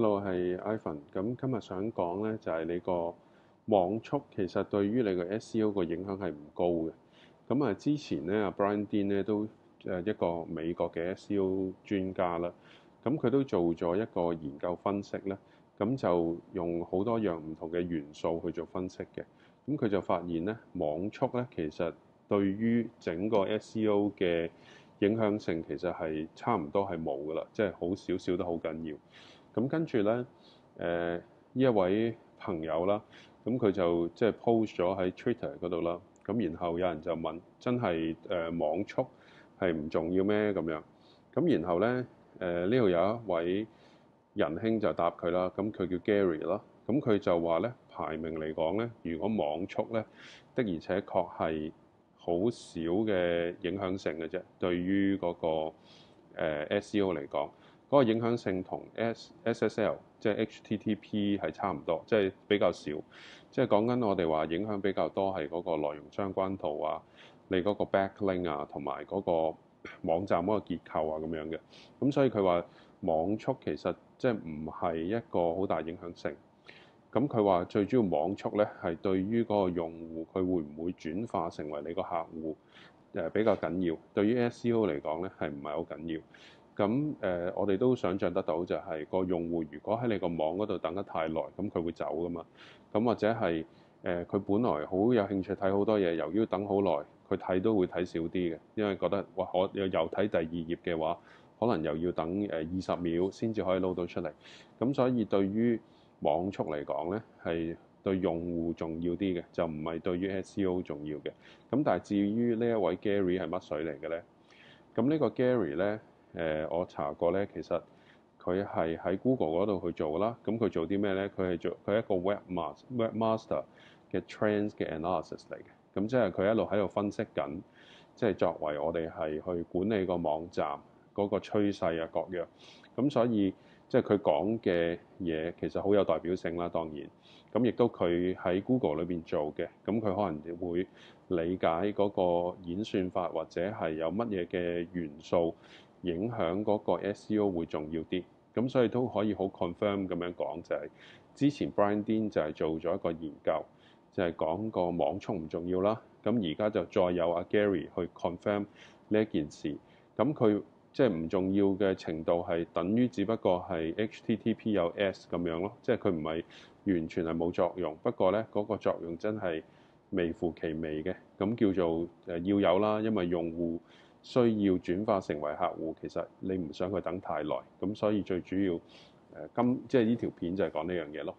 Hello，係 Ivan。咁今日想講咧，就係你個網速其實對於你個 SEO 個影響係唔高嘅。咁啊，之前咧阿 Brian Dean 咧都誒一個美國嘅 SEO 專家啦。咁佢都做咗一個研究分析咧，咁就用好多樣唔同嘅元素去做分析嘅。咁佢就發現咧，網速咧其實對於整個 SEO 嘅影響性其實係差唔多係冇噶啦，即係好少少都好緊要。咁跟住咧，誒呢一位朋友啦，咁佢就即係 post 咗喺 Twitter 度啦。咁然後有人就問，真係誒網速係唔重要咩？咁樣咁然後咧，誒呢度有一位仁兄就答佢啦。咁佢叫 Gary 啦。咁佢就話咧，排名嚟講咧，如果網速咧的而且確係好少嘅影響性嘅啫，對於嗰個誒 S E O 嚟講。嗰個影響性同 SSL 即係 HTTP 係差唔多，即係比較少。即係講緊我哋話影響比較多係嗰個內容相關度啊，你嗰個 backlink 啊，同埋嗰個網站嗰個結構啊咁樣嘅。咁所以佢話網速其實即係唔係一個好大影響性。咁佢話最主要網速咧係對於嗰個用戶佢會唔會轉化成為你個客戶誒、呃、比較緊要。對於 SEO 嚟講咧係唔係好緊要。咁誒，我哋都想象得到，就係個用戶如果喺你個網嗰度等得太耐，咁佢會走噶嘛。咁或者係誒，佢、呃、本來好有興趣睇好多嘢，由於等好耐，佢睇都會睇少啲嘅，因為覺得哇，我又睇第二頁嘅話，可能又要等誒二十秒先至可以攞到出嚟。咁所以對於網速嚟講呢係對用戶重要啲嘅，就唔係對於 SEO 重要嘅。咁但係至於呢一位 Gary 係乜水嚟嘅呢？咁呢個 Gary 呢？誒、呃，我查過咧，其實佢係喺 Google 嗰度去做啦。咁佢做啲咩咧？佢係做佢係一個 Webmaster Webmaster 嘅 Trends 嘅 analysis 嚟嘅。咁即係佢一路喺度分析緊，即係作為我哋係去管理個網站嗰、嗰個趨勢啊、各樣。咁所以即係佢講嘅嘢其實好有代表性啦。當然咁亦都佢喺 Google 裏邊做嘅，咁佢可能會理解嗰個演算法或者係有乜嘢嘅元素。影響嗰個 SEO 會重要啲，咁所以都可以好 confirm 咁樣講就係、是、之前 Brian Dean 就係做咗一個研究，就係講個網速唔重要啦。咁而家就再有阿 Gary 去 confirm 呢一件事，咁佢即係唔重要嘅程度係等於只不過係 HTTP 有 S 咁樣咯，即係佢唔係完全係冇作用，不過咧嗰、那個作用真係微乎其微嘅，咁叫做誒要有啦，因為用戶。需要轉化成為客戶，其實你唔想佢等太耐，咁所以最主要誒今即係呢條片就係講呢樣嘢咯。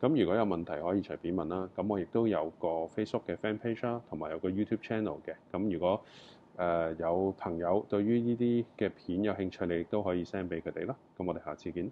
咁如果有問題可以隨便問啦。咁我亦都有個 Facebook 嘅 Fan Page 啦，同埋有個 YouTube Channel 嘅。咁如果誒、呃、有朋友對於呢啲嘅片有興趣，你亦都可以 send 俾佢哋啦。咁我哋下次見。